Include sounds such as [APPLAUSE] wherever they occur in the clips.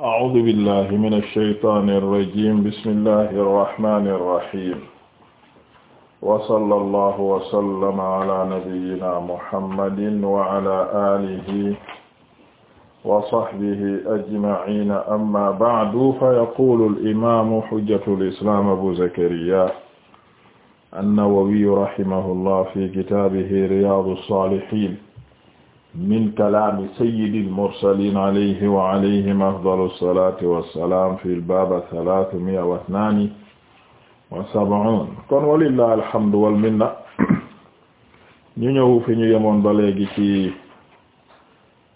أعوذ بالله من الشيطان الرجيم بسم الله الرحمن الرحيم وصلى الله وسلم على نبينا محمد وعلى آله وصحبه أجمعين أما بعد فيقول الإمام حجة الإسلام أبو زكريا النووي رحمه الله في كتابه رياض الصالحين min kalaami sayyidil mursaliin alayhi wa alayhim afdalu salaati wa salaam fil baab salaatu mi'a wa isnaani wa sab'uun kon walillahi alhamdu wal minna ñu ñëw fi ñu yemoon ba léegi ci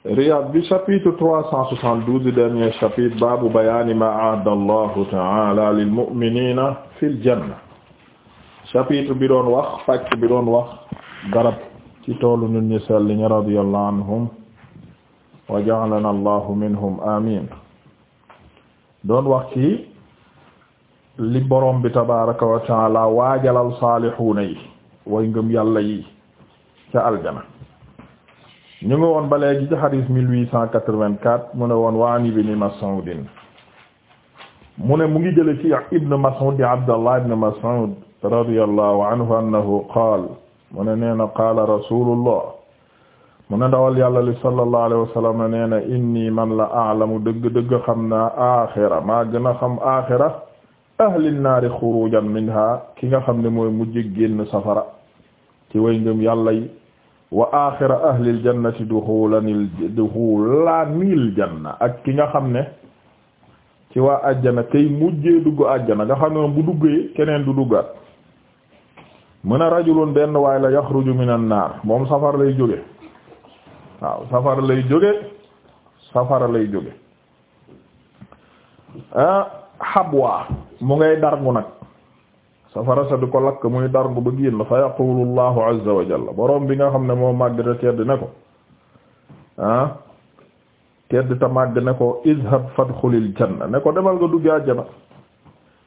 Riyad bi chapitre trois cent soixante-douze dernier chapitre baabu bayaani ma a'adda Allahu ta'ala lil mu'miniina fil janna chapitre bi doon wax pàcc bi doon wax garab ci toolu ñun ñi sell ñi radiyallahu anhum wa ja'alana allahu minhum amin doon wax ci li borom bi tabaraka wa taala waajalal saalihuuna yi way ngëm yàlla yi ca aljana ñu ngi woon ba léegi ci hadith mille huit cent quatre-vingt-quatre mu ne woon waan ibn Mas'ud mu ne mu ngi jële ci ibn Mas'ud di Abdallah ibn Mas'ud radiyallahu anhu annahu qaala mu ne nee na qaala rasulullah mu ne ndawal yàlla li sallallahu alayhi wa sallam nee na inni man la aalamu dëgg-dëgg xam naa axira maa gën a xam axira ahlin naari xurujan minha ki nga xam ne mooy mu génn safara ci way ngëm yàlla yi wa axira ahlil jannati duxulanil duxulanil janna ak ki nga xam ne ci waa àjjana kay mujjee dugg àjjana nga xam ne bu duggee keneen du duggaat mën a rajulun benn waay la yaxruju minan naar moom safara lay jóge waaw safara lay jóge safara lay jóge ah habwa mu ngay dargu nag safara sa di ko lakk muy dargu ba génn fa yaqulu allahu azza wa jalla borom bi nga xam ne moo màgg te tedd ne ko ah tedd ta màgg ne ko izhab fadxulil janna ne ko demal nga dugg àjjana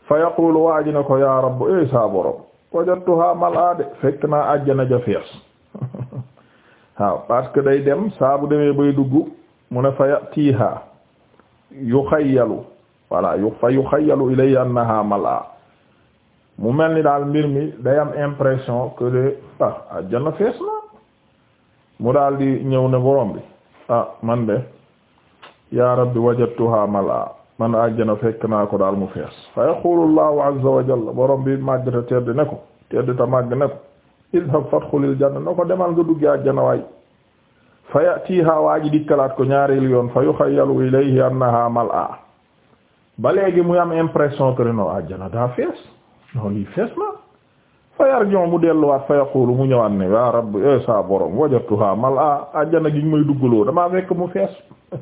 fa yaqulu waa ji ne ko yaa rabb eh saa borom wajatuha malade fekk naa àjjana ja fees [LAUGHS] waaw parce que day dem saa bu demee bay dugg mu ne fa yatiha yuxayyalu voilà yu fa yuxayyalu ilayya annaha malaa mu mel ni daal mbir mi day am impression que de ah àjjana fees na mu daal di ñëw ne borom bi ah man de ya rabbi wajatuha malaa man àjjana fekk naa ko daal mu fees fa yaqulu allahu azza wa jalla borom bi màgg te tedd ne ko tedd te màgg ne ko idhab fadxulil janna ne ko demal nga duggi àjjana waay fa yatiha waa ji dikkalaat ko ñaareel yoon ba léegi muy am impression que no àjjana daa fees non lii fees na fa yarjon mu delluwaat fa yaqulu mu ñëwaat ne ya rabb e eh, sa borom wajatuha mal'a àjjana gi may duggaloo damaa fekk mu fees [LAUGHS]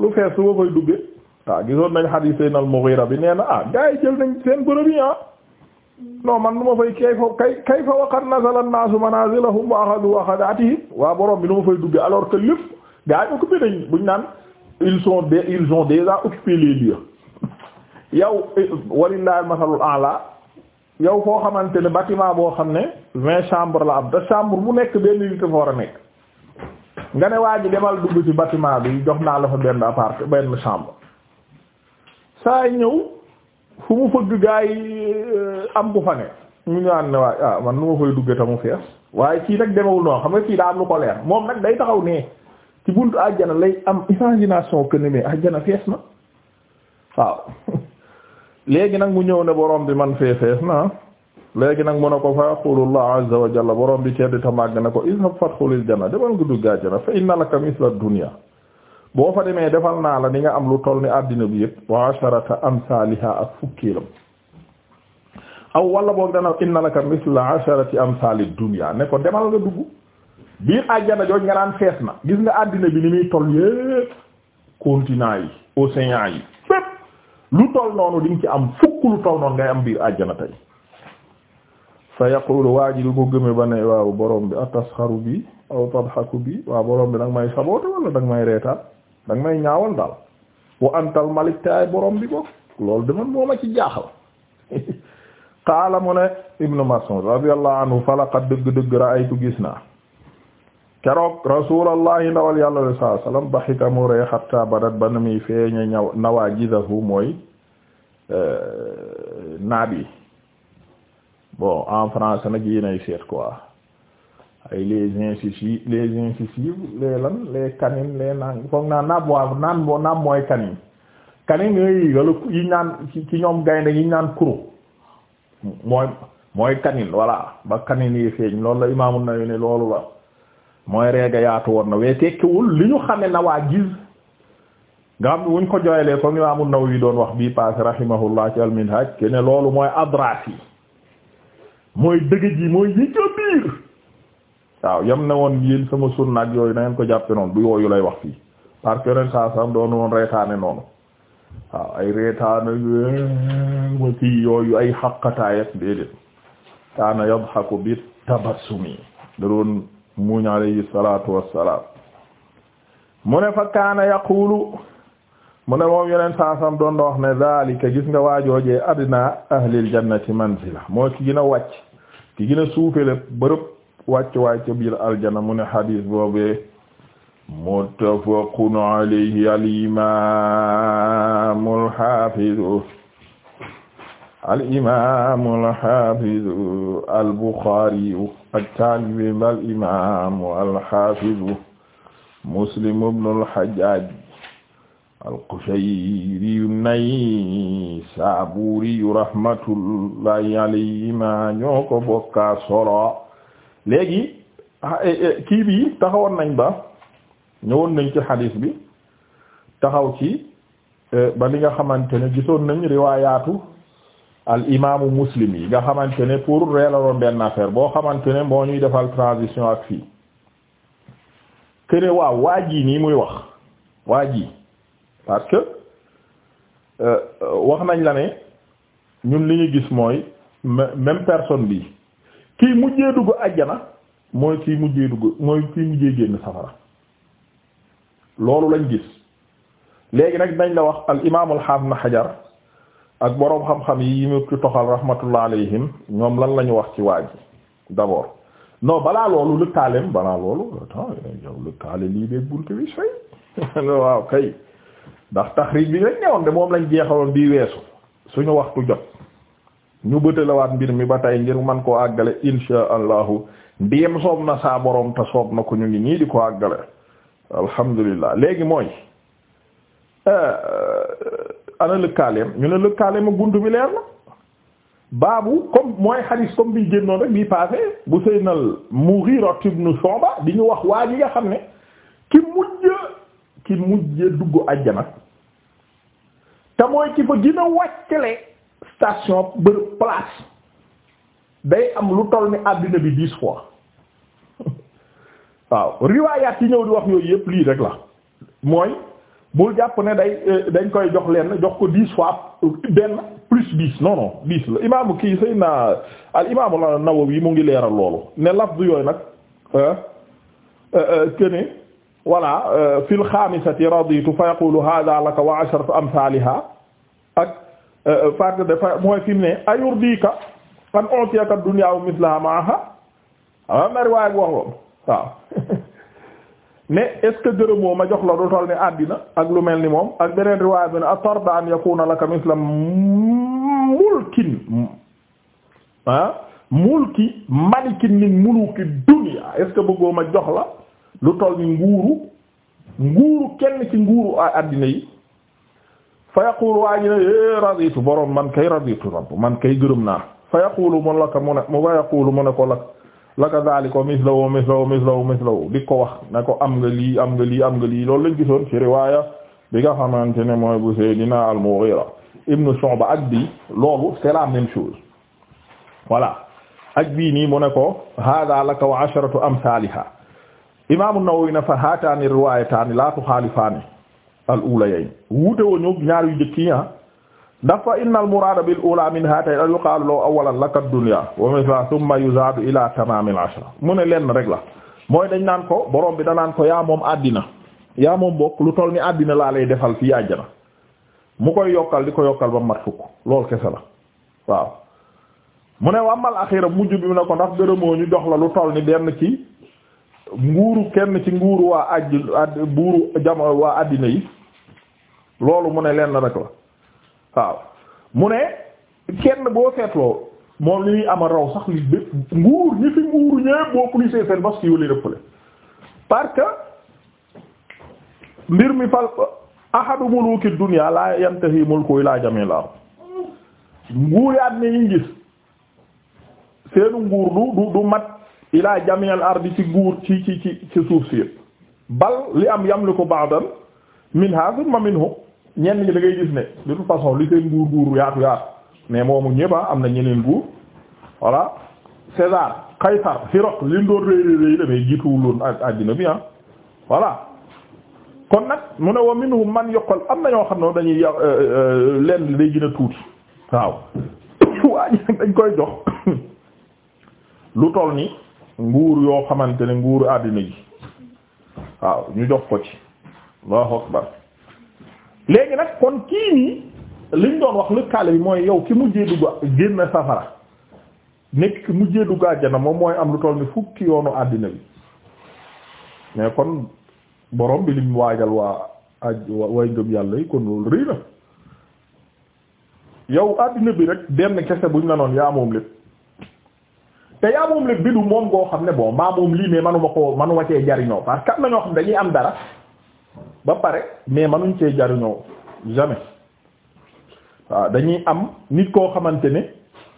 lu fees lu ma koy duggee waa gisoon nañ xadiis Seydina al-Mughira bi nee na ah gars yi jël nañ seen bërëb yi ah non man nu ma fay kay fa kay kay fa waqad nazala an-naasu manaazilahum wa axadu waa borom bi nu ma fay duggee alors que lépp gars yi occupé nañ buñ naan ils sont des ils ont déjà occupé les lieux [LAUGHS] yow walillahi masalul a'la yow foo xamante ne bâtiment boo xam ne vingt chambre la am te chambre bu nekk benn unité fa war a nekk nga ne waa ji demal dugg ci bâtiment bi jox naa la fa benn appart saa ñëw fu mu fëgg gaa yi euh, am bu fa ne ñu naan ne waaye ah man nu ma koy dugge mu fees waaye kii nag demewul noonu xam nga kii daa am lu ko leer moom nag day taxaw ne ci buntu àjjana lay am imagination que ne mais àjjana fees na waaw [LAUGHS] léegi nag mu ñëw ne borom bi man fee fees na léegi nag mu ne ko fa yaqulullah azza wa jalla borom bi ceddi ta màgg ne ko izhab fadkhulil janna demal nga dugg àjjana fa inna laka mithla dunya boo fa demee defal naa la ni nga am lu toll ni àddina bi yëpp wa asharata amsaliha ak fukkiilam aw wala boog dana inna laka misla asharati amsali dunya ne ko demal nga dugg biir àjjana jooj nga na gis àddina bi ni muy toll yëpp continent yi ci am fukk lu toll am biir àjjana tey fa yaqulu ko gëme ba ne waaw bi atasxaru bi aw bi waaw borom bi danga may saboota wala danga may reetaat da may ñaawal daal wa antal malik taay borom bi boog loolu de man moo ma ci jaaxal [LAUGHS] qaala mu ne ibnu Mas'ud radiyallahu anhu falaqad dëgg-dëgg ra'aytu gis naa keroog rasulallahi ndawal yàlla sallallahu alayhi wasallam baxika mu ree hatta badat ba na muy feeñe ñaw nawaajidahu mooy euh, naab yi en français nag yi nay seet quoi ay les incisives les incisives les lan les canines les naan foog naa naab waa naan boo naab mooy canine canine yooyu yi naan ci ñoom gaynde yi naan kuru mooy mooy canine voilà ba canine yi feeñ loolu la Imaamu Nawawi ne loolu la mooy reega yaatu woon na waaye tekkiwul li ñu xame na waa gis nga xam ne wuñ ko jooyalee comme Imaamu Nawawi doon wax bii paase rahimahullah ci al-Minhaj ne loolu mooy adras yi mooy dëgëj yi mooy yi biir waaw yam ne woon yéen sama sunna ak yooyu na ngeen ko jàppe noonu du yooyu lay wax fii parce que yeneen saa sam doon woon reetaane noonu waaw ay reetaane ma fii yooyu ay xaqataay ak déedéet kaana yadhaku bi tabassumi da muuñ alayhi salatu wassalam mu ne fa kaana yaqulu mu ne moom yeneen saasam doon na wax ne zalika gis nga waajoojee adna ahlil jannati manzila moo ki gën a wàcc ki gën a suufele bërëb wàccuwaay ca biir aljana mu ne xadis boobe muttafaqun alayhi al-imam al-hafiz al-imam al-hafiz al-bukhari ak taalibeem al-imam al-hafiz muslim ibn al-hajjaj al-Qushayri an-Naysaburi rahmatullahi alayhima ñoo ko bokka solo léegi ah, eh, eh, kii bi taxawoon nañ ba ñëwoon nañ ci xadiis bi taxaw ci eh, ba li nga xamante ne gisoon nañ riwaayaatu al imaamu muslim yi nga xamante ne pour reelaloon benn affaire boo xamante ne moo ñuy defal transition ak fii këne waaw waa ji nii muy wax waa ji parce que wax nañ la ne ñun li ñu gis mooy même personne bi kii mujjee dugg ajjana mooy kii mujjee dugg mooy kii mujjee génn safara loolu lañ gis léegi nag dañ la wax al imaam al na xajar ak boroom xam-xam yi mu ci toxal rahmatullah alayhim ñoom lan la ñu wax ci waa ji d'abord non balaa loolu lëkkaaleem balaa loolu attends yow lëkkaale lii de buntu bi sooy [LAUGHS] waaw kay ndax taxriij bi lañ newoon de moom lañ jeexaloon bii weesu suñu waxtu jot ñu bëtalawaat mbir mi ba tey ngir man koo àggale insha allahu ndiyem soob na saa borom te soob na ko ñu ngi ñii di ko àggale alhamdulillah léegi mooy eh, ana lëkkaaleem ñu ne lëkkaaleem a gunt bi leer na baabu comme mooy xadiis comme bi génnoon rek bi passé bu seynal Mughira ibn Shu'ba di ñu wax waa ji nga xam ne ki mujj ki mujj dugg àjjana te mooy ki fa gën a station bërëb place day am lu toll ni àddina bi dix fois [LAUGHS] waaw riwaayaat yi ñëw di wax yooyu yëpp lii rek la mooy bul jàpp ne day eh, dañ koy jox leen jox ko dix fois benn plus dix non non la imaamu kii sëy na al imaamu la Nawawi mu ngi leeral loolu ne lafz yooyu nag eh, eh, kene voilà fi l xaamisati raditu fa yaqulu hada laka wa asharatu amthaliha ak faat euh, euh, dafa mooy fi mu ne ayurdika an utiyaka dunya wa mislaha maaha a ah, mari waaye bu wax loolu waaw mais [LAUGHS] est ce que gërëmoo ma jox la du toll ni àddina ak lu mel ni moom ak beneen riwaaya bi ne atarda an yakuna laka misla mulkin ah mulki malikin min muluki dunya est bëggoo ma jox la lu toll ni nguuru nguuru kenn ci nguuru àddina yi fa yaqulu waa ji ne é eh, raditu borom man kay raditu rabb man kay gërëm naa fa yaqulu mu laka mu ne mu fa yaqulu mu ne ko lak laka zalika mislawu mislawu mislawu mislawu di ko wax ne ko am nga lii am nga lii am nga lii loolu lañ gisoon ci riwaaya bi nga xamante ne mooy bu Seydina al-Mughira ibnu Shu'ba ak bi loolu c'est la même chose voilà ak bii nii mu ne ko hada laka wa asharatu amsaliha imam an-Nawawi na fa haatani riwaayataani la tuxaalifaani al ula yayn wuute woo ñaar yu jëkk yi ah. ndax fa inna muraada bil ula min haatayni al yuqaalu law awalan laka dunya wa mithla thumma yuzaadu ila tamaam al ashra mu ne lenn rek la mooy dañ naan ko borom bi da naan ko yaa moom àddina yaa moom bokk lu toll ni àddina laa lay defal fii àjjana mu koy yokkal di ko yokkal ba mat fukk lool kese la waaw mu ne wàmmal axira mujj bi mu ne ko ndax gërëmoo ñu jox la lu toll ni benn ci nguuru kenn ci nguuru waa àddina yi loolu mu ne leen na rek la waaw mu ne kenn boo seetloo moom li ñuy amal raw sax li bépp nguur ñi fi nguur ñëpp boo plissé seen bos yow li rëppale parce que mbir mi fal ahadu muluki dunya la yantahi mulku ila jamila nguuraat ne ñu gis seenu nguur du du du mat ila jamil ardi ci nguur ci ci ci suuf si bal li am yamliku ba'dan min hadha ma minhu ñenn ñi da ngay gis ne de toute façon li seen nguur nguur yaatu yaatu mais moomu ñëppa ah am na ñeneen nguur voilà César Kaysar Hiroq li doon réy réy réy damay jiituwul woon ak àddina bi ah voilà kon nag mu ne wa minhum man yokkal am na ñoo xam ne dañuy ya euh, euh, lenn day gën tuuti waaw [COUGHS] waa ji dañ koy jox [COUGHS] lu toll ni nguur yoo xamante ne nguur àddina ji waaw ñu jox ko ci Allahu akbar léegi nag kon kii nii liñ doon wax lëkkaale bi mooy yow ki mujjee dugg génn safara nekk ki mujjee dugg na moom mooy am lu toll ni fukki yoonu àddina bi mais kon borom bi lim waajal waa aj ngëm yàlla yi kon loolu rëy na yow àddina bi rek benn kese buñ la noon yaa moom lépp te yaa moom lépp bi du moom goo xam ne bon maa moom lii mais manuma ko manuma cee jariñoo parce que am na ñoo xam dañuy am dara ba pare mais manuñ cee jariñoo jamais waaw dañuy am nit koo xamante ne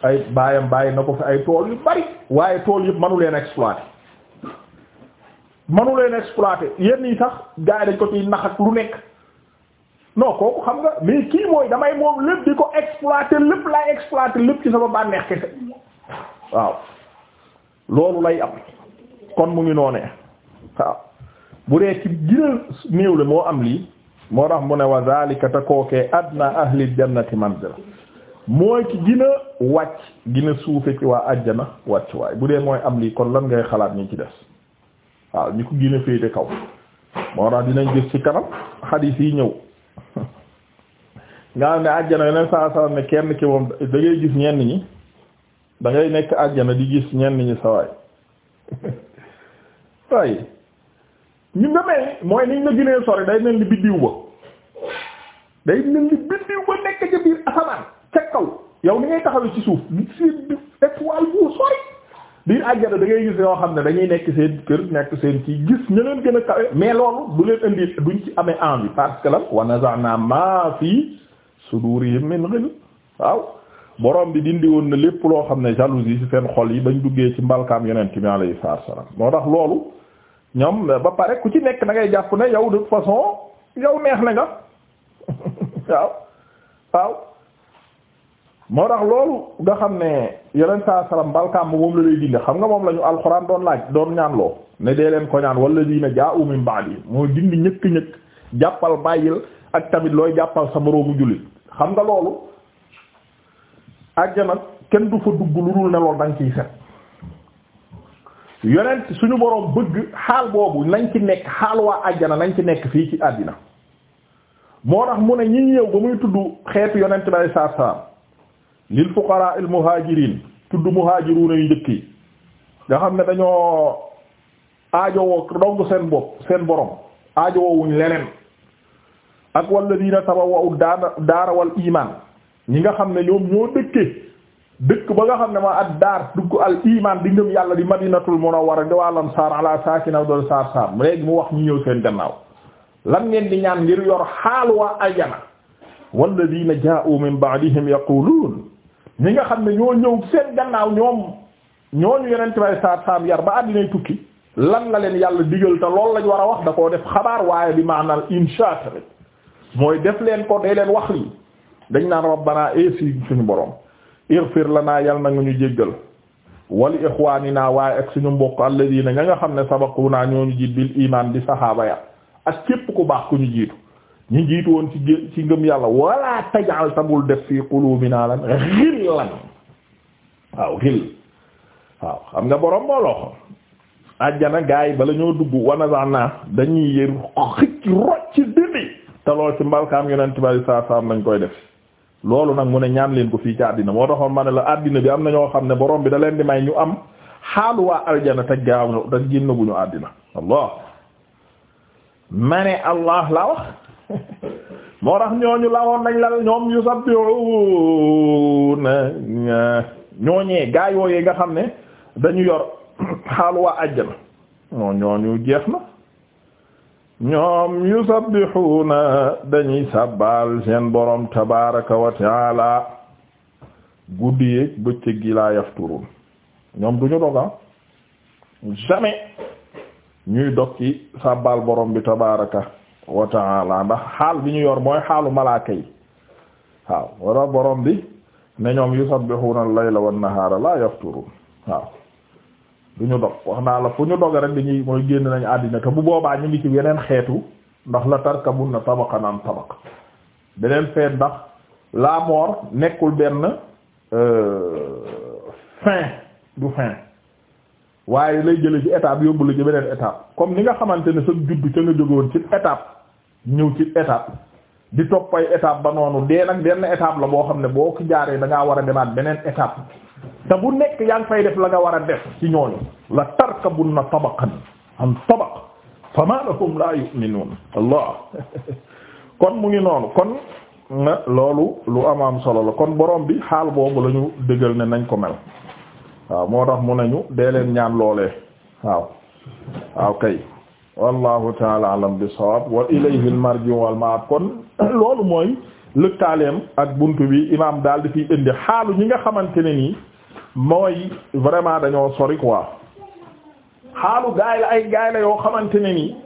ay baayam bàyyi na ko fi ay tool yu bari waaye tool yëpp manu leen exploiter manu leen exploiter yenn yi sax gars yi dañ ko ciy nax ak lu nekk non kooku xam nga mais kii mooy damay moom lépp di ko exploiter lépp laay exploiter lépp ci sama bànneex kese waaw loolu lay am kon mu ngi noonee bu dee ci gën néew la moo am lii moo tax mu ne wa zalika te kookee adna ahli jannati manzila mooy ci gën a wàcc gën a suufe ci waa ajjana wàcc waay bu dee mooy am lii kon lan ngay xalaat ñu ñi ci des waaw ñu ko gën a féete kaw moo tax dinañ gis ci kanam xadiis yi ñëw nga xam ne àjjana yeneen saa saa ne kenn ki moom da gis ñenn ñi dangay nekk àjjana di gis ñenn ñi sawaay [LAUGHS] waaye ñu nga mel ni mooy niñ la gënee sori day mel ni biddiw ba day mel ni biddiw ba nekk ca biir asamaan ca kaw yow ni ngay taxawee ci suuf di seen étoile bu sori biir àjjana da ngay gis yoo xam ne dañuy nekk seen kër nekk seen ci gis ñu leen gën a kawe mais loolu bu leen indi duñ ci amee envie parce que lan wa naza'na ma fi sudurihim min ghil waaw borom bi dindi woon na lépp loo xam ne jalousie ci seen xol yi bañ duggee ci mbalkaam yonent bi alayhi salaam ñoom ba pare ku ci nekk da ngay jàpp ne yow de toute façon yow neex na nga [LAUGHS] waaw waaw moo tax loolu nga xam ne yeneen saa salaam balkaam moom la lay dindi xam nga moom la ñu alxuraan doon laaj doon ñaan loo ne dee leen ko ñaan wala lii ne jaa umin ba'di moo dindi ñëkk ñëkk jàppal bàyyil ak tamit looy jàppal sa moroomu jullit xam nga loolu àjjana kenn du fa dugg lu dul ne loolu ciy set. yonent suñu boroom bëgg xaal boobu nañ ci nekk xaal waa àjjana nañ ci nekk fii ci àddina moo tax mu ne ñi ñëw ba muy tudd xeetu yonent bi alei salaatu salaam lil fuqaraa il muhaajiriin tudd muhaajiruuna yu njëkk nga xam ne dañoo aajowoo dong seen bopp seen borom aajowoowuñ leneen ak walladiina tabawwa'u daara wal iimaan ñi nga xam ne ñoom ñoo dëkkee dëkk ba nga xam ne ma ad daar dugg al iman di ngëm yàlla di madinatul munawwara di waa lansaar ala saakina doon saar saar léegi mu wax ñu ñëw seen gannaaw lan ngeen di ñaan ngir yor xaal waa ajana walladina jaa'u min ba'dihim yaquluun ñi nga xam ne ñoo ñëw seen gannaaw ñoom ñooñu yeneen bay saar saar yar ba àddinay tukki lan la leen yàlla digal te lool lañ war a wax da koo def xabaar waaye bi maanaam insha tamit mooy def leen ko day leen wax lii dañ naan rabbana eesi eh suñu borom ighfir lana yal na ñu jéggal wali ixwaanina waaye ak suñu mbokk alladina nga nga xam ne sabaquna ñooñu jiit bil imaan di saxaaba ya ak képp ku baax ku ñu jiitu ñu jiitu woon ci ci ngëm yàlla wala tajal tabul def fii qulubina lan ghillan waaw xill waaw xam nga borom booloo xam àjjana gars bala ñoo dugg wanazana dañuy yër xëcc rocc dindi te lool lañ koy def loolu nag mu ne ñaan leen ko fii ci àddina moo taxoon ma ne la àddina bi am na ñoo xam ne borom bi da leen di may ñu am xaalu waa aljana te gaaw te àddina ma ne allah la [LAUGHS] moo tax ñooñu lawoon nañ la ñoom yu sabbihuna ñooñee gaa yooyee nga xam ne dañu yor [COUGHS] xaalu waa àjjana ñooñu jeex na ñoom yusabbihuna dañuy sabbal seen borom tabaraka wa taala guddi yeeg bëccëg gi laa yafturun ñoom duñu doga ah. jamais ñuy dog ci sabbal borom bi tabaraka wa taala ndax xaal bi ñu yor mooy xaalu malaaka yi waaw wara borom bi ne ñoom yusabbihuna al-layla wan-nahaara laa yafturun waaw du ñu dog wax naa la fu ñu doge rek ñuy mooy génn nañu àddina te bu boobaa ñu ngi ci yeneen xeetu ndax la tarkabun na tabaqan naan tabaq beneen feet ndax la mort nekkul benn euh, fin du fin waaye lay jële ci étape yóbbu la ci beneen étape comme ni nga xamante ne sa juddu ca nga jógoon ci étape ñëw ci étape di toppay étape ba noonu dee nag benn étape la boo xam ne boo ko jaaree da ngaa war a demaat beneen étape te bu nekk yaa ngi fay def la nga war a def ci ñooñu la na tabaqan an tabaq fama lahum la yu'minun allah [LAUGHS] kon mu ngi noonu kon loolu lu amaam solo la kon boroom bi xaal boobu lañu dëgël dëggal ne nañ ko mel waaw moo tax mu nañu dee leen ñaan loolee waaw waaw kay wallahu taala bi sawab wa ilayhi al marji wal ma'ab kon [CLEARS THROAT] loolu mooy lëkkaaleem ak bunt bi imaam daal di fiy indi xaalu ñi nga xamante ne nii mooy vraiment dañoo sori quoi xaalu gaay la ay gaay la yoo xamante ne ni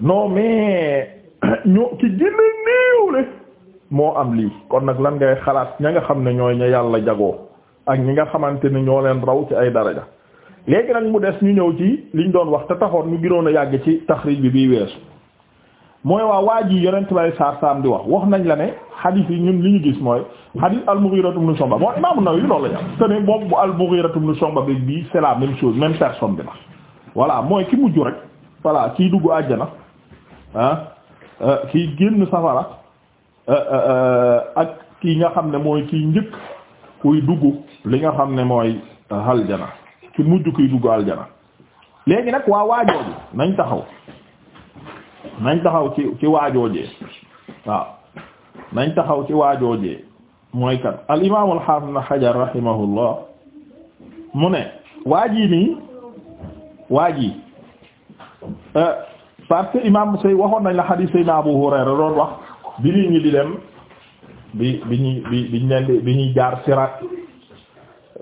non mais ñoo ki gën a néew le moo am lii kon nag lan ngay xalaat ña nga xam ne ñooy ña yàlla jagoo ak ñi nga xamante ne ñoo leen raw ci ay dara daraja léegi nag mu des ñu ñëw ci li ñu doon wax te taxoon ñu gënoon a yàgg ci taxrij bi bii weesu mooy waa waa ji yonent bay saar saam di wax wax nañ la ne xadiis yi ñun li ñu gis mooy xadiis al-Mughira ibn Shu'ba moo Imam An-Nawawi loolu la ñu wax te ne boobu al-Mughira ibn Shu'ba bi bii c'est la même chose même personne bi la voilà mooy ki mujj rek voilà kiy dugg àjjana ah euh, kiy génn safara euh, euh, ak kii nga xam ne mooy kiy njëkk kuy dugg li nga xam ne mooy aljana ki mujj kuy dugg aljana léegi nag waa waajooju nañ taxaw nañ taxaw ci ci waajoojee waaw nañ taxaw ci waajoojee mooy kat al imaam al haafid ibn Hajar rahimahullah mu ne waaj yi nii waaj yi euh, parce que imaam say waxoon nañ la xadiis Seydina Abu Hurayra doon wax bi nit ñi di dem bi bi bi bi ñu leen bi ñuy jaar sirat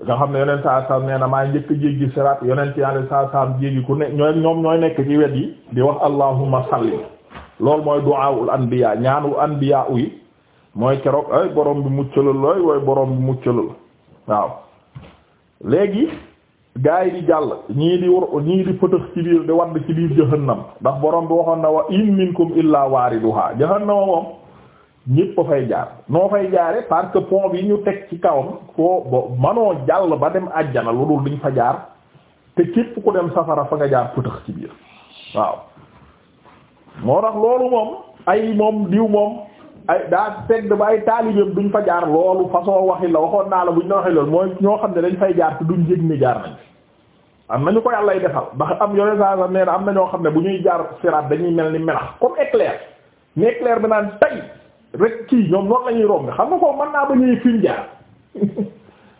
nga xam ne yonent saa saam nee na maa njëkk jéggi sirat yonent yàlla saa saam jéggi ku ne ñooy ñoom ñooy nekk ci wet yi di wax allahumma salli loolu mooy du'aul anbiya ñaanu anbiya yi mooy keroog ay boroom bi muccalal looy wooy boroom bi muccalal waaw léegi gaa di jàll ñii di wur ñii di pëtëx ci di wadd ci biir ndax borom bi waxoon na wa in minkum illaa waariduha jahannama moom ñépp a fay jaar noo fay jaare parce que pont bi ñu teg ci kawam foo bo manoo jàll ba dem àjjana lu dul duñ fa jaar te képp ku dem safara fa nga jaar pëtëx ci biir waaw moo tax loolu moom ay moom diw moom ay daa teg ba ay taalibeem duñ fa jaar loolu façon waxi la waxoon naa la ñu la waxee loolu mooy ñoo xam ne dañ fay jaar te duñ yëg ni jaar nañ am nañu ko yàllay defal ndax am yore saa sa nee na am na ñoo xam ne bu ñuy jaar siraat dañuy mel ni melax comme éclair rek kii ñoom noonu la romb xam nga ko man naa ba ñuy fiñ jaar [LAUGHS]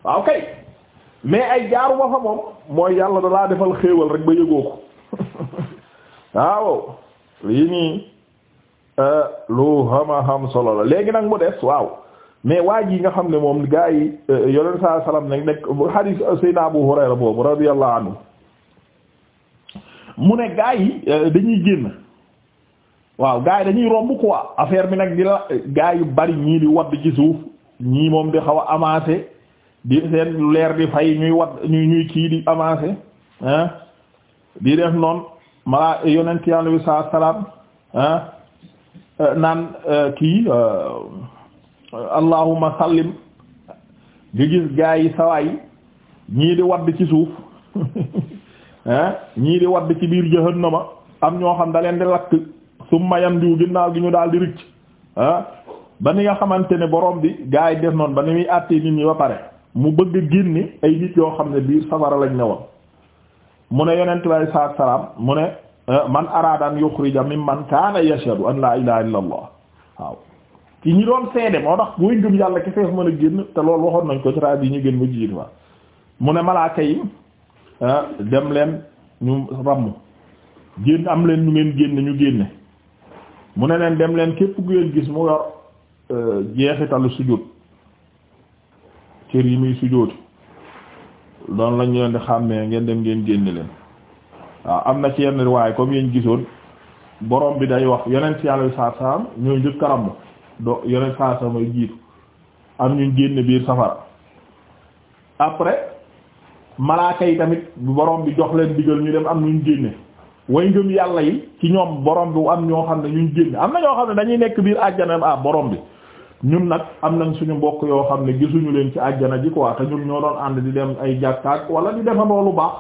waaw ay jaaru fa moom mooy yàlla da laa defal xéewal rek ba yëgoo ko [LAUGHS] lii nii euh, lu xama xam solo la léegi nag mu des waaw mais waa ji nga xam ne moom gaa yi yoneen saa salaam nag nekk hadith euh, Seydina Abu Hurayra boobu radiyallahu anhu mu ne gaa yi euh, dañuy génn waaw gars yi dañuy romb quoi affaire bi nag di la gars yu bari ñii di wadd ci suuf ñii moom di xaw a avancer di seen leer di fay ñuy wadd ñuy kii di avancer ah di def noonu mala yonent yàlla saa salaam ah kii euh, allahumma sallim nga gis gars yi sawaay ñii di wadd ci suuf [LAUGHS] ñii di wadd ci biir jahannama am ñoo xam da leen di lakk summa yandiwu ginnaaw gi ñu daal di rëcc ba ni nga xamante ne boroom bi gaa yi def noonu ba ni muy àttee nit ñi ba pare mu bëgg génne ay nit yoo xam ne biir safara lañ ne woon mu ne yonent bi alayhi salaam mu ne eh, man araada an yuxrija mimman kaana yashhadu an laa ilaaha illallah waaw ci ñi doon seede moo tax booy yàlla ki mën a génn te loolu waxoon nañ ko ci rajo yi ñu génn mu jiit ma mu ne malaaka yi eh, dem leen ñu ramm génn am leen ñu ngeen génn ñu génne mu ne leen dem leen képp ku ngeen gis mu yor euh, jeexitalu sujjóot cër yi muy sujjóoti doon lañ leen di xàmmee ngeen dem ngeen génne leen waaw am na ci yenn riwaay comme yéen gisoon borom bi day wax yeneen ci yàlla saa saam ñooy njëkk a do yeneen saa saam ay jiitu am ñu génne biir safara après malaaka yi tamit borom bi jox leen digal ñu dem am ñu génne. way ngëm yàlla yi ci ñoom borom bi am ñoo xam ne ñu génn am na ñoo xam ne dañuy nekk biir àjjana ah borom bi ñun nag am nañ suñu mbokk yoo xam ne gisuñu leen ci àjjana ji quoi te ñun ñoo doon ànd di dem ay jàkkaak wala di defandoo lu baax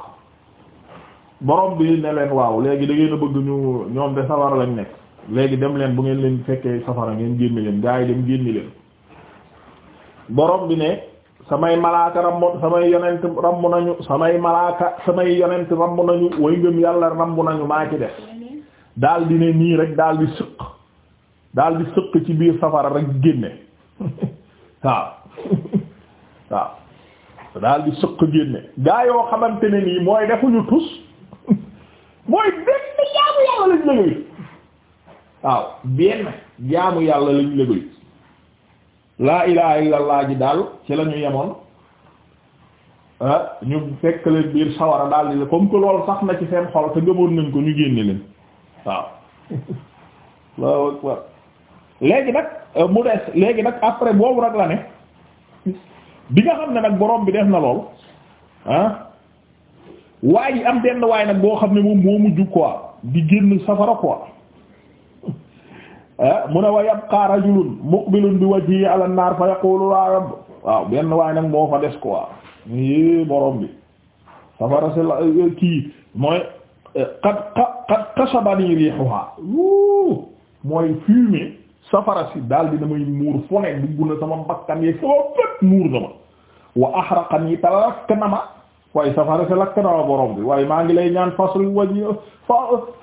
borom bi ne leen waaw léegi da ngeen a bëgg ñu ñoom de safara lañ nekk léegi dem leen bu ngeen leen fekkee safara ngeen génni leen gaa yi dem génni leen borom bi ne samay malaaka ramb samay yonent ramb nañu samay malaaka samay yonent ramb nañu way ngëm yàlla ramb nañu maa ci def daal di ne nii rek daal di sëq daal di sëq ci biir safara rek génne [LAUGHS] waaw [LAUGHS] waaw daal di sëq génne gaa yoo xamante ne nii mooy defuñu tus [LAUGHS] mooy benn jaamu yàlla lañ lëgëy waaw benn jaamu yàlla lañ lëgëy laa ilaha illallah ji daal ci la ñu yemoon ah, ñu fekk leen biir sawara daal di comme que loolu sax na ci seen xol te gëmoon nañ ko ñu génne leen waaw [LAUGHS] léegi nag euh, mu des léegi nag après boobu nag la ne bi nga xam ne nag borom bi def na lool ah waaye yi am benn waaye nag boo xam ne moom moo mujj quoi di génn safara quoi. Eh, mu ne wa yabqa rajulun muqbilun bi wajhihi ala an-nar fa yaqulu ya rabb waaw benn waaye nag moo fa des quoi yi borom bi safara si la eh, kii mooy eh, qad qad qashabani rihuha mooy fumée safara si daal dina may muur fu ne dugg na sama mbakkan yi foo fët muur na ma wa ahraqani te lakk na ma waaye safara si lakk na ma borom bi waaye maa ngi lay ñaan fasrif wajhi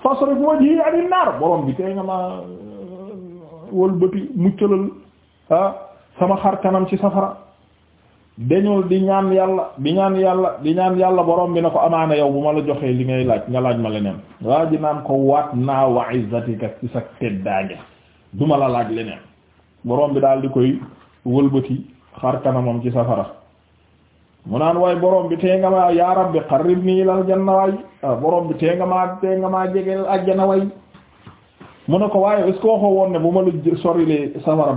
fasrif wajhi ani naar borom bi tey nga ma wëlbati muccalal ah sama xar kanam ci safara dañul di ñaan yàlla di ñaan yàlla di ñaan yàlla borom bi na ko amaana yow bu ma la joxee li ngay laaj nga laaj ma leneen waa ji naan ko waat naa wa izzatika ci sa teddaange du ma la laaj leneen borom bi daal di koy wëlbati xar kanamam ci safara mu naan waay borom bi tee nga maa yaa rabbi qarribni ilal janna waay ah, borom bi tee nga maa tee nga maa jegeel ajjana waay mu ne ko waaye est que waxoo woon ne bu ma la sorilee safara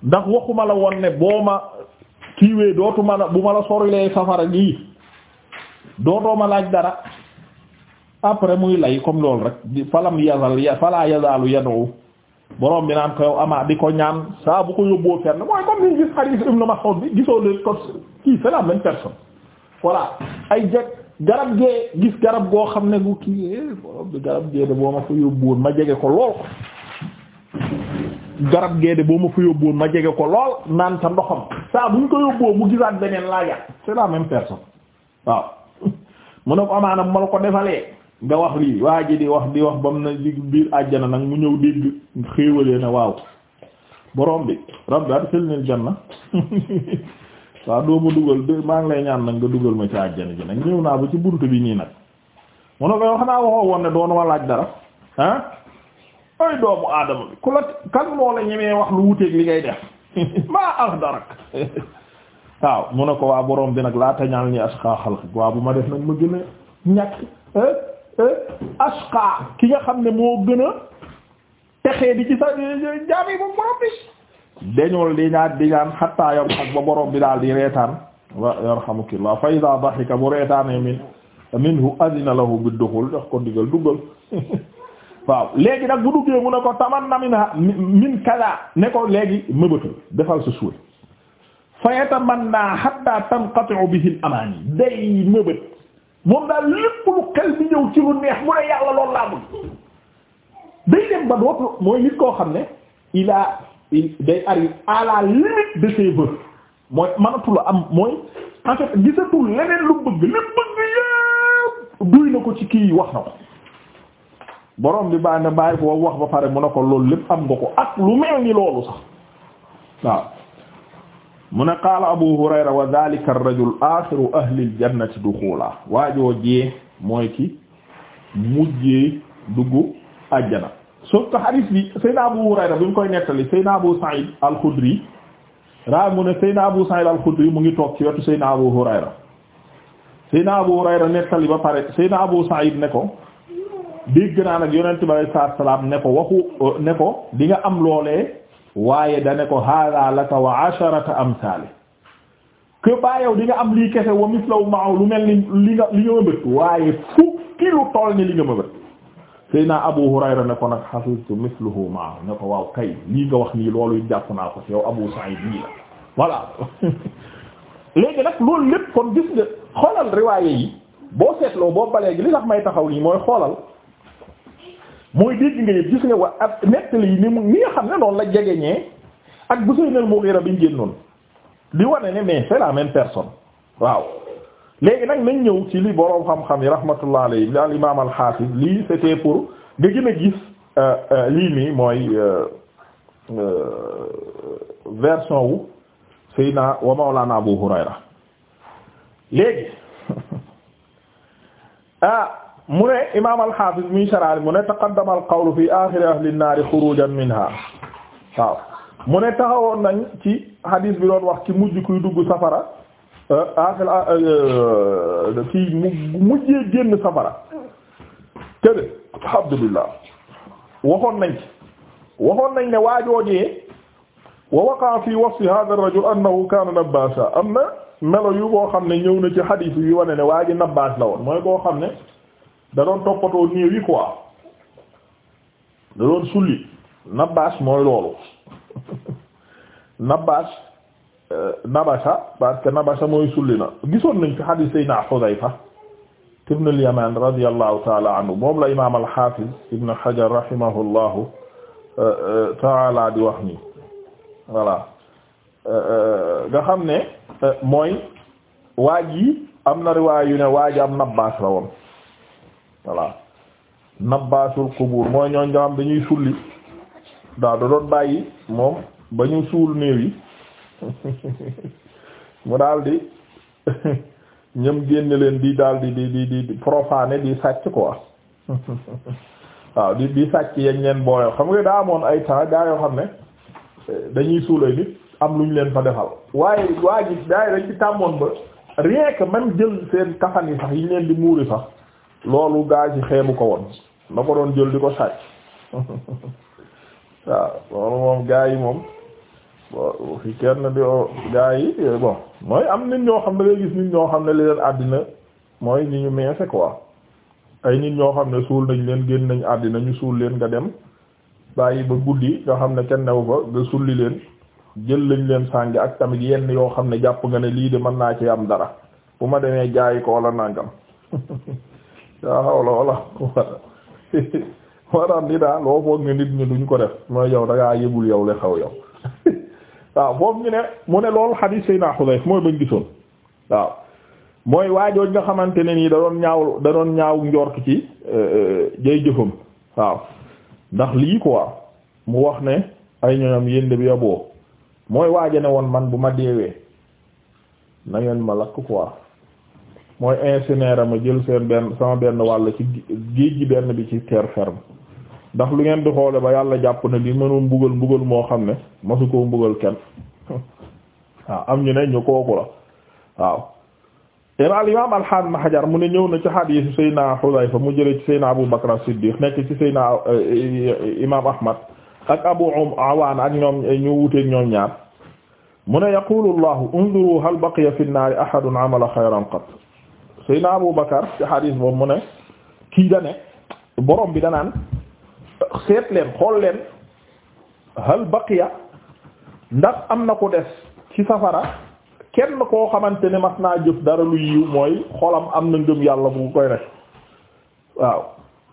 dootoo ma la woon ne boo ma kiiwee la bu ma la sorilee safara gii dootoo ma laaj dara après muy lay comme loolu rek di falam yazal falaa yazalu yadu borom bi naan ko yow di ko ñaan saa bu ko yóbboo fenn mooy comme niñ gis hadith Ibn Mas'ud bi gisoo le kii c'est la même personne voilà ay jekk garab gee gis garab goo xam ne gu kii borom bi garab gee de boo ma fa yóbbuwoon ma jege ko lool garab gee de boo ma ma jege ko lool naan ta ndoxam saa bu ñu ko yóbbuwoon mu gisaat beneen laajaat c'est la même personne waaw [LAUGHS] mu ne ko amaana bu ma la ko defalee nga wax lii waa ji di wax di wax ba mu ne biir àjjana nag mu ñëw dégg xéewalee na waaw borom bi rabbi adkhilnil janna [LAUGHS] waaw doo dugal de maa ngi lay ñaan nag nga dugal ma ci àjjana ji nag ñëw naa ba ci buntu bi nii nag mu ne ko yow xanaa waxoo woon ne doonu ma laaj dara ah doomu aadama bi ku la kan moo ñemee wax lu wuteeg li ngay def [LAUGHS] maa af darak [LAUGHS] waaw mu ne ko waa borom bi nag laa tañal ni asqa xalqi waa bu ma def nag ma gën a ñàkk eh? eh? asqa ki nga xam ne moo gën a texee di ci sa eh, jaami moom borom bi dañul di ñaan di ñaan xatta yam ak ba borom bi daal di reetaan wa yarhamukillah fa ida dahika bu reetaane minhu adina lahu bidduxul jox ko digal duggal [LAUGHS] waaw léegi nag bu duggee mu a ko tamanna min min ne ko léegi mëbatal defal sa suur fa yatamanna hatta tanqati'u bihi al-amani day mëbët moom daal lépp lu xel bi ñëw ci lu neex mu ne yàlla loolu laa bëgg day dem ba dootu mooy nit koo xam ne ilaa day arrive à la limite mooy mënatu am mooy en gisatul leneen lu bëgg li bëgg yépp duy na ko ci kii wax na ko borom bi baax na bàyyi ko wax ba pare mu ne ko loolu lépp am nga ko ak lu mel ni loolu sax waaw mu ne qaala abu hurayra wa dhalika ar-rajul akhiru ahli al-jannati dukhula waajoo jee mooy ki mujjee duggu àjjana sauf que hadis bi Seydina Abu Hurayra bi ñu koy nettali Seydina Abu Sa'id al-Khudri raa mu ne Seydina Abu Sa'id al-Khudri mu ngi toog ci wetu Seydina Abu Hurayra Seydina Abu Hurayra nettali ba pare Seydina Abu Sa'id ne ko dégg naa nag yonent bi alayhi salaam ne ko waxu ne ko di nga am loolee waaye da ne ko haadaa wa asharata amsaali que ba yow di nga am lii kese wa mislahu ma'ahu lu mel ni li nga li nga ma waaye fukki lu toll ni li nga ma Seyna Abu Hurayra ne ko nag hafiztu mithluhu ma ne ko waaw kay lii nga wax nii loolu jàpp naa ko ci yow Abu Sa'id nii la voilà [LAUGHS] léegi nag loolu lépp kon gis nga xoolal riwaaye yi boo seetloo boo balee gi li tax may taxaw nii mooy xoolal mooy dégg nga yëpp gis nga wa ak nettali yi ni mu ni nga xam ne noonu la jegeñee ak bu Seynal Mughira biñ génnoon di wane ne mais c'est la même personne waaw. léegi nag nañ ñëw ci li boroom xam-xam yi rahmatullah alayhi li al imam al hafiz lii pour nga gën a gis euh, euh, lii nii mooy euh, version wu Seydina wa Mawlana Abu Hurayra léegi [LAUGHS] ah mu ne imam al hafiz mi mu ne taqaddama al qawlu fi akhir ahli an-nar minha waaw mu ne taxawoon nañ ci hadith bi doon wax ci mujj kuy dugg safara Euh, afel euh, euh, kii mu mujjee génn safara te alhamdulillah waxoon nañ waxoon nañ ne waajoojee wa waqa fi wasfi hadha ar-rajul annahu kaana nabbaasa am na melo yu boo xam ne ñëw na ci xadiis yi wane ne waa ji nabbaas la woon mooy boo xam ne da doon toppatoo néew yi quoi da doon sulli nabbaas mooy loolu [LAUGHS] nabbaas Euh, nabasha parce que nabasha mooy sulli na gisoon nañ fi hadith sayna Hudhayfa ibn al-Yaman radiyallahu ta'ala anhu moom la imam al-Hafiz ibn Hajar rahimahullahu euh, euh, ta'ala di wax nii voilà nga xam ne mooy waaj yi am na riwaay yu ne waaj am nabbaas la woon voilà nabbaasul qubur mooy ñooñ nga xam dañuy sulli daa bàyyi moom ba ñu suul néew yi mu daal di ñoom génne leen di daal di di di di profané di sàcc quoi waaw di di sàcc yañ leen booyoo xam nga daa amoon ay temps gaa yoo xam ne eh, dañuy suulay nit am lu ñu leen fa defal waaye waa gaa yi dañ tàmmoon ba rien que man jël seen kafan yi sax yi ñu leen di muuri sax loolu gaa ci xeebu ko woon na ko doon jël di ko sàcc [LAUGHS] waaw loolu moom gaa yi moom. bon fi kenn di gaa yi bon mooy am nit ñoo xam ne da gis nit ñoo xam ne li leen àddina mooy ñi ñu meese quoi ay nit ñoo xam ne suul nañ leen génn nañ àddina ñu suul leen nga dem bàyyi ba guddi nga xam ne kenn new fa nga sulli leen jël lañ leen sànge ak tamit yenn yoo xam ne jàpp nga ne lii de mën naa ci am dara bu ma demee jaayi ko wala nangam yaa [LAUGHS] xawla wala [LAUGHS] moo tax ni daa loo foog ne nit ñi duñ ko def mooy yow da ngaa yëgul yow la xaw yow waaw foofu ñu ne mu ne loolu xadiis Seydina Xudayf mooy bañ gisoon waaw mooy waajooj nga xamante ne nii da doon ñaaw da doon ñaaw njort ci euh, euh, jay jëfam waaw ndax lii quoi mu wax ne ay ñoñam yénde bi yoboo mooy waaja ne woon man bu ma deewee na ngeen ma lakk quoi mooy incinérer ma jël seen benn sama benn wàll ci géej gi benn bi ci terre ferme ndax lu ngeen di xoole ba yàlla jàpp na li mënoon mbugal mbugal moo xam ne masu koo mbugal kenn waaw [LAUGHS] ah, am ñu ne ñu kooku la waaw ten mu ne ñëw na ci xadiis Seydina Xudayfa mu jëlee ci Seydina Abu Bakr as-Siddiq nekk ci Seydina eh, imam Ahmad ak Abu um, Awaana ak ñoom eh, ñu wuteeg ñoom ñaar mu ne yaqulu llahu unzuru hal baqiya fi nnaari ahadun amala xayran qat Seydina Abu Bakr ci xadiis boobu mu ne kii dane borom bi danaan seet leen xool leen hal baqiya ndax am na ku des ci safara kenn koo xamante ne mas naa jëf dara lu yiw mooy xolam am na ngëm yàlla bu koy rek waaw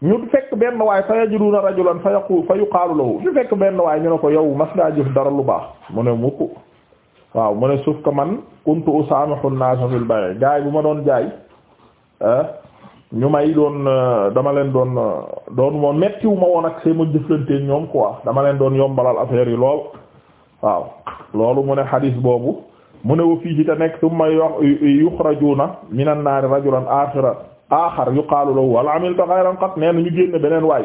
ñu fekk benn waay fa yajiduna na fa yaqu fa yuqaalu lahu ñu fekk benn waay ñu ne ko yow mas ngaa jëf dara lu baax mu ne mukk waaw mu ne suuf ka man kuntu usaamihu an-naas fil bay' gaay bu ma doon jaay ah, ñu may doon euh, dama leen doon euh, doon woon mettiwuma woon ak see ma jëflante ñoom quoi dama leen doon yombalal affaire yi lool waaw loolu mu ne xadiis boobu mu ne wa fii ci te nekk tumma yuxrajuna minan naari rajulan axira axar yuqaalu lahu wala amilta xayran qat nee na ñu génne beneen waay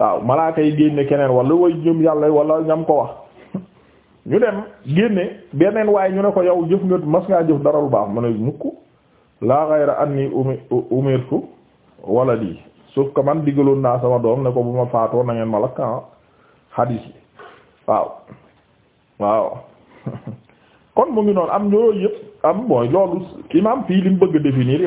waaw malaaka yi génne keneen wala way ñoom yàlla wala ñam ko wax [LAUGHS] ñu dem génne beneen waay ñu ne ko yow jëf nga mas ngaa jëf dara lu baax mu ne mukk laa ghayra anni umirtu waladi sauf que man digaloon naa sama doom ne ko bu ma faatoo na ngeen ma ah. yi [LAUGHS] waaw waaw kon mu ngi noonu am ñooyu yëpp li mu bëgg a définir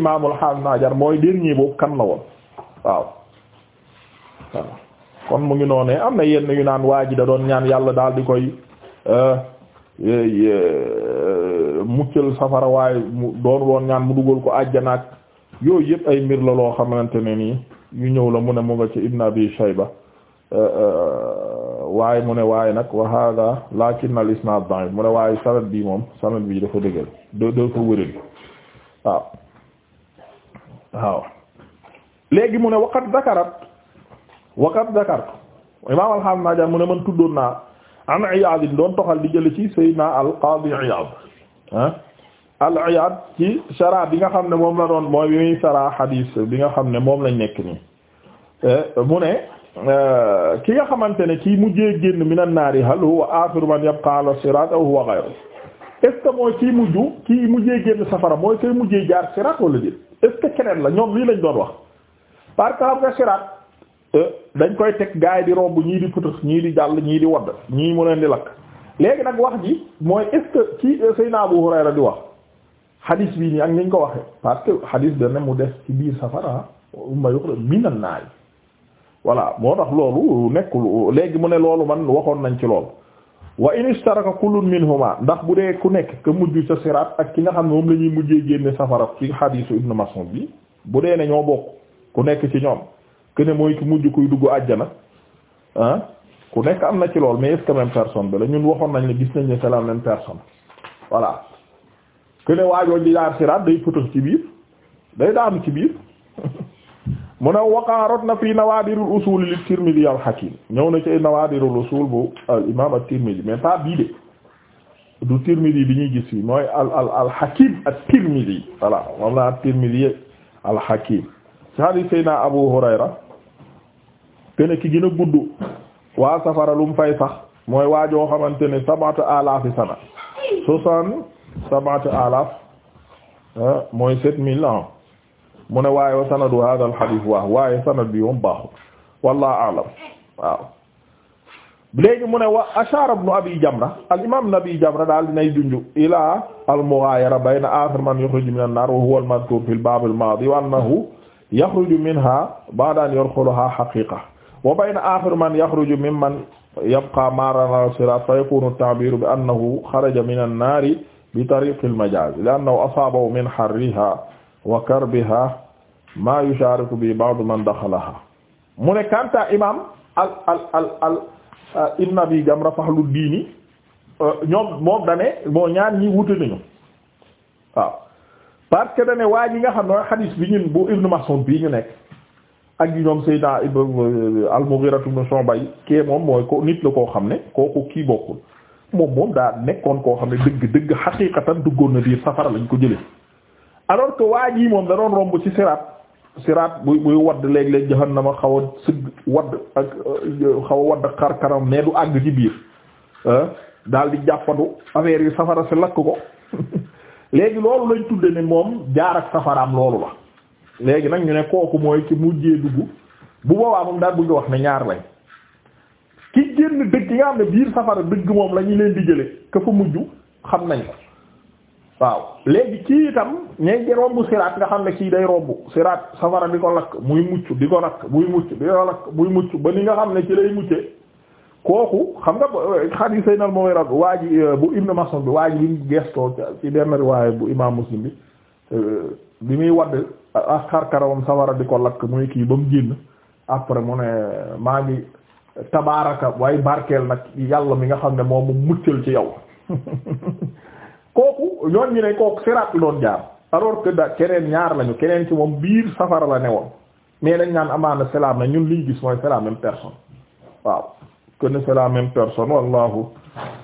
kon mu ngi noonee am na yenn yu naan waa ji da doon ñaan yàlla daal di koy euh, muccal safara waaye mu doon woon ñaan mu dugal ko àjjanaak yooyu yëpp ay mbir la loo xamante ne nii yu ñëw la mu ne mu nga ci Ibn Abi Shayba euh, euh, waaye mu ne waaye nag wa hada lakin al isnad da'if mu ne waaye sanad bi moom sanad bi dafa dëggal da dafa wëral waaw waaw léegi mu ne waqat dakarat waqat dakar mu ne man tuddoon naa an Iyaad doon toxal di jële ci Seydina al-Qaadi Iyaad ah al-Iyaad ci sara bi nga xam ne moom la doon mooy bi muy sara xadiis bi nga xam ne moom lañ nekk nii eh, mu ne eh, ki nga xamante ne kii mujjee génn min an-naari hal huwa aaxiru man yabqaa ala siraat aw huwa ghayruhu est ce mooy kii mujj kii mujjee génn safara mooy kay mujjee jaar siraat wala déet est ce keneen la ñoom lii lañ doon wax par exemple siraat Euh, dañ koy teg gars yi di romb ñii di putëx ñii di jàll ñii di wadd ñii mu leen di lakk léegi nag wax ji mooy est ce que ci euh, Seydina Abu di wax hadis bi nii ak ñu ko waxee parce que hadis dana mu des ci biir safara umma yuxra minan naar voilà moo tax loolu nekkul léegi mu ne loolu man waxoon nañ ci loolu wa in istaraka kullun minhuma ndax bu dee ku nekk ka sa siraat ak ki nga xam ne moom la ñuy mujjee génne safara ci hadisu Ibn mason bi bu dee ne ñoo bokk ku nekk ci ñoom kene mooy ki mujj kuy dugg àjjana ah, ku nekk am na ci lool mais est-ce que bi la ñun waxoon nañ ne gis nañ ne c'est la même personne voilà kene waajoo di jaar siraat day pëtëx ci biir day daanu ci biir [LAUGHS] mu ne waqaarot na fii nawaadirul usul li Tirmidhi al Hakim ñëw na ci nawaadirul usul bu al imam at-Tirmidhi mais pas bii de du Tirmidhi bi ñuy gis fii mooy al al al Hakim at-Tirmidhi voilà moom la at-Tirmidhi al Hakim ci hadith Seydina Abu Hurayra kene ki gën a gudd waa safara lu mu fay sax mooy waajoo xamante ne sab'atu alaafi sana soixante sab'atu alaaf mooy sept mille ans mu ne waaye wa sanadu hadha al hadith waaw waaye sanad bi moom baaxul wallahu a'lam waaw léegi mu ne wa ashara ibn abi jamra al imam ibn abi jamra daal dinay junju ila al mughayara bayna akhir man yukhruju min an-nar wa huwa al madhkur fi al bab al madi wa annahu yakhruju minha ba'da an yadkhulaha haqiqa wa bayna akhir man yakhruju mimman yabqa maran ala sirat fa yakunu at-ta'biru bi annahu kharaja min an-nari bi tariq al-majaz li annahu asabahu min harriha wa karbiha ma yushariku bi ba'd man dakhalaha mu ne kanta imam al al al al ibn abi jamra fahlu diini ñoom moom dane moo ñaan ñi wute nañu waaw parce que dane waa ñi nga xam ne xadiis bi ñun bu ibn mas'ud bii ñu nekk ak yi ñoom Seydina euh, al-Mughira ibn Shu'ba kee moom mooy ko nit la koo xam ne kooku kii bokkul moom moom daa nekkoon koo xam ne dëgg dëgg xaqiiqatan duggoon na biir safara lañ ko jëlee alors que waa jii moom da doon romb ci siraat siraat buy buy wadd léeg-léeg jahannama xaw a sëgg wadd ak euh, xaw a wadd xar kanam mais du àgg ci biir daal di jàppandu affaire yi safara si lakk ko [LAUGHS] léegi loolu lañ tudde ne moom jaar ak safaraam loolu la léegi nag ñu ne kooku mooy ci mujjee dugg bu boobaa moom daal bëgg wax ne ñaar lañ ki génn dëgg nga xam ne biir safara dëgg moom lañuy leen di jële ka fa mujj xam nañ ko waaw léegi ci itam ñee ngi romb siraat nga xam ne kii day romb siraat safara di ko lakk muy mucc di ko lakk muy mucc di ko lakk muy mucc ba ni nga xam ne ci lay muccee kooku xam nga xadiis say nal mooy rab waa ji bu Ibn Mas'ud bi waa ji bi gestoo ci benn riwaaya bu imaam Muslim bi bi muy wadd ak xar karawam sawara di ko lakk muy kii ba mu génn après mu ne maa ngi tabaaraka waaye barkeel nag yàlla mi nga xam ne moom mu muccal ci yow [LAUGHS] kooku ñoon ñi ne kooku siraat doon jaar alors que keneen ñaar lañu keneen ci moom biir safara la ne woon mais dañ naan amaana c'est la même ñun liñ gis mooy c'est la même personne waaw que ne c'est la même personne wallahu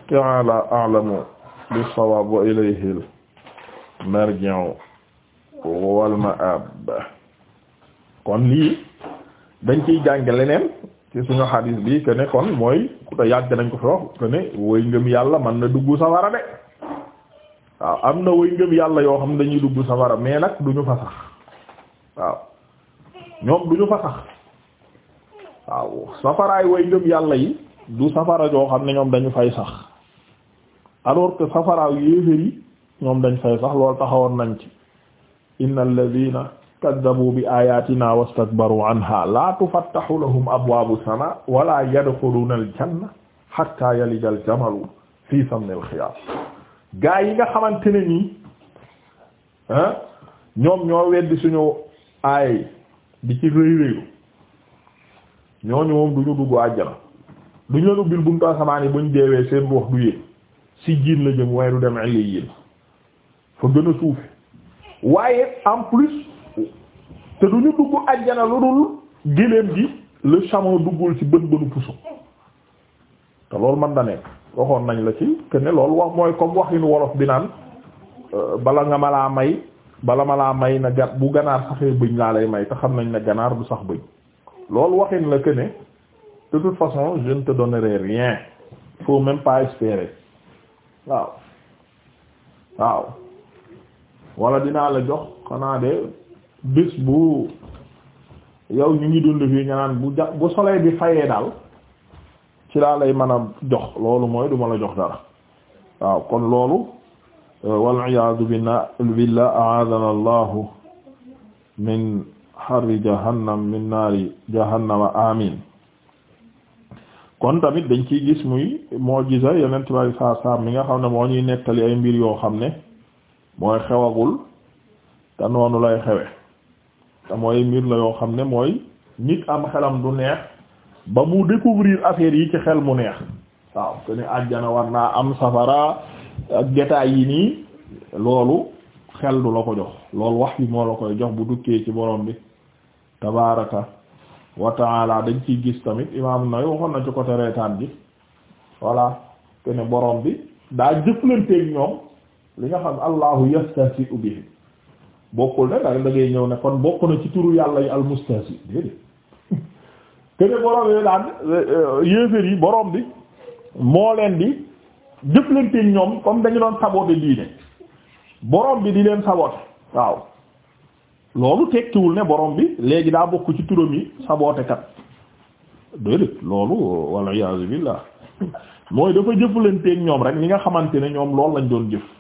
ta'ala a'lamu bis-sawab wa ilayhi al-marji'u wal ma'ab kon lii dañ ciy jànge leneen ci suñu xadiis bi que kon mooy ku yàgg nañ ko fi wax que ne ngëm yàlla mën na dugg safara de waaw am na woy ngëm yàlla yoo xam ne dugg safara mais nag duñu fa sax waaw ñoom duñu fa sax waaw safaraay woy ngëm yàlla yi du safara yoo xam ne ñoom dañu fay sax alors que safaraaw yéeféer yi ñoom dañ fay sax loolu taxawoon nañ ci innal ladhina kaddabu bi wa wastakbaru anha la tufattahu lahum abwaabu sama wala yadkhuluna aljanna hatta yalija aljamalu fi samni alxiyaat gaa yi nga xamante ne nii ah, ñoom ñoo weddi suñu aaya di ci rëy rëyu ñooñu moom duñu duggu àjjana duñu leen ubbil buntu asamaan buñ deewee seen ruux du yéeg si la jëm waaye du dem illiyin fa gën a suufe waaye en plus te du ñu dugg ajjana lu dul géléem gi le chameau duggul ci bën bënu puso te loolu man da nekk waxoon nañ la ci que ne wax mooy comme waxin wolof bi naan euh, bala nga ma laa may bala ma laa may na ga bu ganaar saxee bëñ laa lay may te xam nañ ne ganaar du sax bëñ loolu waxin la que de toute façon je te donnerai rien faut même pas espérer waaw waaw wala dinaa la jox xanaa de bés bu yow ñu ngi dund fii nga naan bu ja bu soleil bi fayee daal ci laa lay mën a jox loolu mooy du ma la jox dara waaw kon loolu euh, wal iyaadu billah a'aadana allahu min harri jahannam min naari jahannama amin kon tamit dañ ciy gis muy moo gisa yeneen tubaab yi saa mi nga xam ne moo ñuy nettali ay mbir yoo xam ne mooy xewagul te noonu lay xewe te mooy mbir la yoo xam ne mooy nit am xelam du neex ba mu découvrir affaire yi ci xel mu neex waaw te ni war naa am safara ak détails yi nii loolu xel du la ko jox lool wax bi moo la koy jox bu dukkee ci borom bi tabaraka wa taala dañ ciy gis tamit imaam Nawawi waxoon na ci côté reetaan bi voilà te borom bi daa jëflanteeg ñoom li nga xam allahu yastahzi'u bihi bokkul ne nag da ngay ñëw ne kon bokk na ci turu yàlla yi almustahzi déedéet te [LAUGHS] boroom yooyu daan yéeféer yi boroom bi moo leen di jëflanteeg ñoom comme dañu doon saboter diine boroom bi di leen saboter waaw loolu tekkiwul ne boroom bi léegi daa bokk ci turam yi saboter kat déedéet loolu walla iyaazu billaah [LAUGHS] mooy dafa jëflanteeg ñoom rek ñi nga xamante ne ñoom loolu lañ doon jëf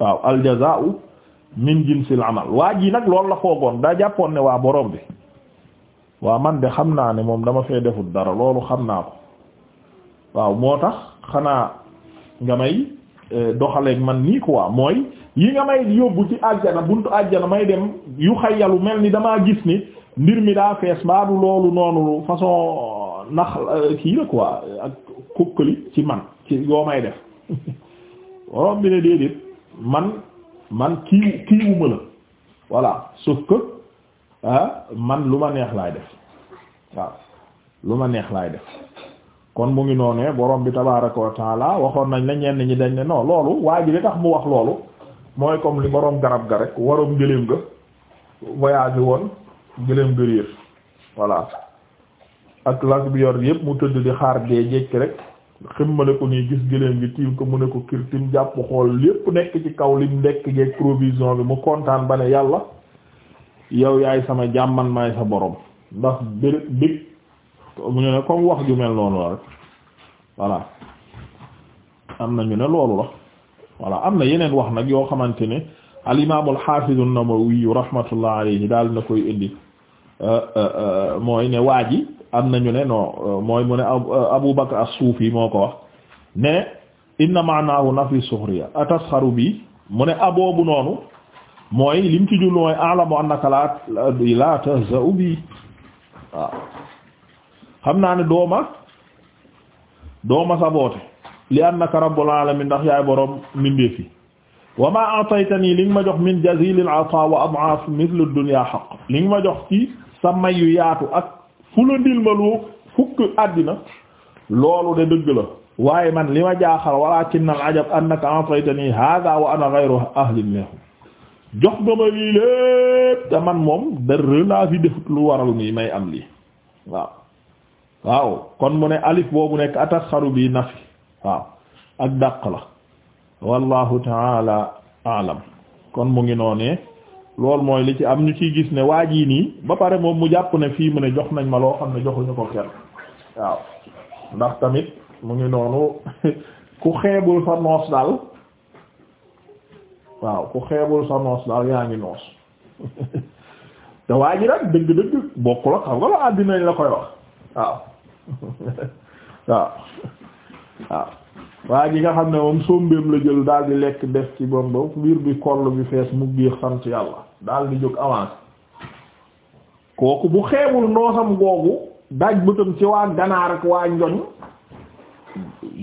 waaw aljazaa'u min jinsil amal waa ji nag loolu la foogoon daa jàppoon ne waa boroom bi waa man bi xam naa ne moom dama fee defut dara loolu xam naa ko waaw moo tax xanaa nga may eh, doxaleeg man nii quoi mooy yi nga may yóbbu ci àjjana buntu àjjana may dem yu xayyalu mel ni damaa gis ni mbir mi daa fees mbaa du loolu noonu façon nax eh, kii la quoi ak kukkali ci man ci yoo may def [LAUGHS] borom bi ne déedéet man man kii kiiwuma la voilà sauf que ah, man lu ma neex laay def waaw lu ma neex laay def kon mu ngi noonee borom bi tabaaraka wa waxoon nañ la ñenn ñi dañ ne non loolu waa ji li tax mu wax loolu mooy comme li borom garab ga rek waroom gëléem ga voyage woon gëléem ga réer voilà ak las bi yor yëpp mu tëdd di xaar dee jekki rek xëmmale ko nii gis gëléem gi tiim ko mu ne ko kirtim jàpp xool lépp nekk ci kaw lim ndekk geeg provision bi mu kontaan ba ne yàlla yow yaay sama jàmman maay sa borom ndax bërëb big mu ne comme wax ju mel noonu la rek voilà am na ñu ne loolu la voilà am na yeneen wax nag yoo xamante ne al imaam al haafiz an-Nawawi rahmatullah alayhi daal na koy indi euh, euh, euh, mooy ne waa ji am nañu ne non euh, mooy mu ne euh, Abu Bakr as-Sufi moo ko wax ne inna ma'nahu nafi suxriya atasxaru bi mu ne boobu noonu mooy lim ci jul mooy a'lamu annaka la tahza'u bi xam naa ne dooma dooma saboote li annaka rabbul alamin ndax yaay boroom mindee fi wa ma a'taytani li ma jox min jazilil ata wa ad'af mithlu dunya haqq li ma jox ci sa mayu yaatu ak fu la ndilmaloo fukk àddina loolu de dëgg la waaye man li ma jaaxal walakinna al ajab annaka a'taytani hadha wa ana ghayru ahlin lahu jox nga ma lii lépp te man moom dara laa fi defut lu waral nii may am lii waaw waaw kon mu ne alif boobu nekk atasxaru bi nafi waaw ak dàq la wallahu taala alam kon mu ngi noonee loolu mooy li ci am ñu ci gis ne waa jii nii ba pare moom mu jàpp ne fii mu ne jox nañ ma loo xam ne joxuñu ko kenn waaw ndax tamit mu ngi noonu [LAUGHS] ku xeebul sa noos daal waaw ku xeebul sa noos daal yaa ngi noos [LAUGHS] te waa ji nag dëgg-dëgg bokkul ak xam nga la àddina la koy wax waaw [LAUGHS] waaw waaw waa ji nga xam ne moom sombeem la jël daal di lekk def ci bon ba biir bi koll bi fees mu géex sant yàlla daal di jóg avance kooku bu xeebul ndoosam googu daaj bëtam ci waa ganaar waa njoñ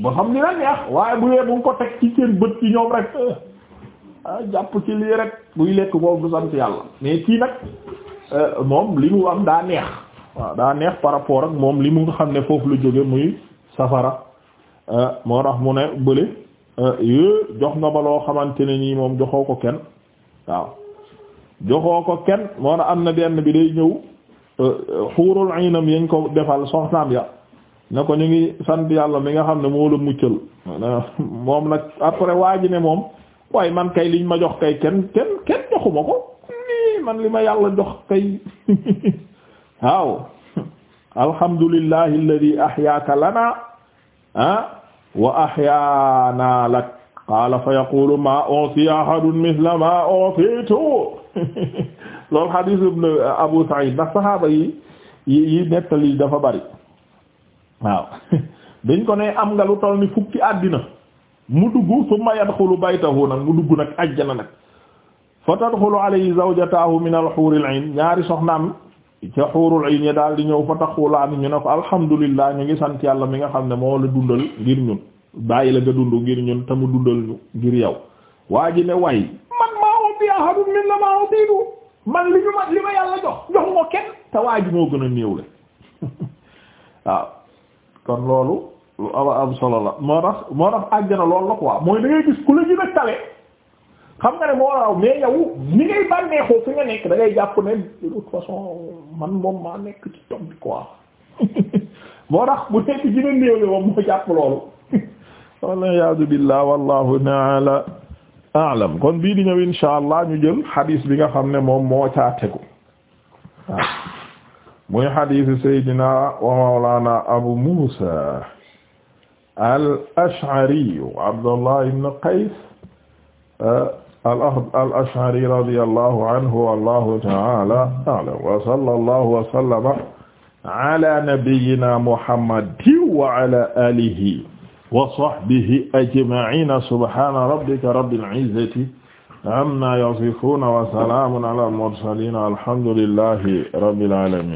ba xam ni neex waaye bu yee bu ko teg ci seen bët ci ñoom rek ah, jàpp ci lii rek buy lekk kooku du sant yàlla mais kii nag euh, moom li mu am daa neex waaw daa neex par rapport ak moom li mu nga xam ne foofu la jóge muy safara euh, moo tax mu ne bële euh, jox nga ba loo xamante ne nii moom joxoo ko kenn waaw joxoo ko kenn moo na am na benn bi day ñëw euh, euh, xuurul aynam yañ ko defal soxnaam ya ne ko ñu ngi sant yàlla mi nga xam ne moo la muccal moom nag après waa ji ne moom waaye man kay liñ ma jox kay kenn kenn kenn joxuma ko nii man li ma yàlla jox kay [LAUGHS] waaw alhamdulillahi alladi ahyaaka lana ah wa ahyaana qaala fa yaqulu ma uti ahadun mithla ma utitu [LAUGHS] loolu hadith ibn Abu Sa'id ndax saxaaba yi yi nettali dafa bari waaw [LAUGHS] dañ ko ne am nga lu toll ni fukki àddina mu dugg summa yadxulu baytahu nag mu dugg nag ajjana nag fa tadxulu alayhi zawjatahu min al-huril ayn ñaari soxnaam ca hurul ayn ya daal di ñëw fa taxulaani ñu ne ko alhamdulillah ñu ngi sant yàlla mi nga xam ne moo la dundal ngir ñun bàyyi la nga dund ngir ñun te mu dundal ñu ngir yow waa ji ne way man maa woo bi ahadun min la maa woo biidu man li ñu ma li ma yàlla jox jox moo kenn te waa ji moo gën a néew le [LAUGHS] waaw kon loolu lu la moo tax moo tax àjjana loolu ngay gis ku fi nga nekk da jàpp ne de toute façon man moom maa nekk ci tom bi quoi [LAUGHS] moo tax bu nekk gën a néew moom moo jàpp loolu [LAUGHS] walla yaadu billah wallahu ta'ala a'lam kon bii di ñëw insha allah ñu jël xadiis bi nga xam ne moom moo caa tegu waaw muy xadiis saydina wa mawlana abu musa al ash'ari abdullah ibn qays eh, al ash'ari radiyallahu anhu wallahu ta'ala a'lam wa sallallahu wa sallama ala nabiyyina muhammadin wa ala alihi wa sahbihi ajma'ina subhana rabbika rabbil izzati amma yasifuna wa salamun ala al mursalin alhamdulillahi rabbil alamin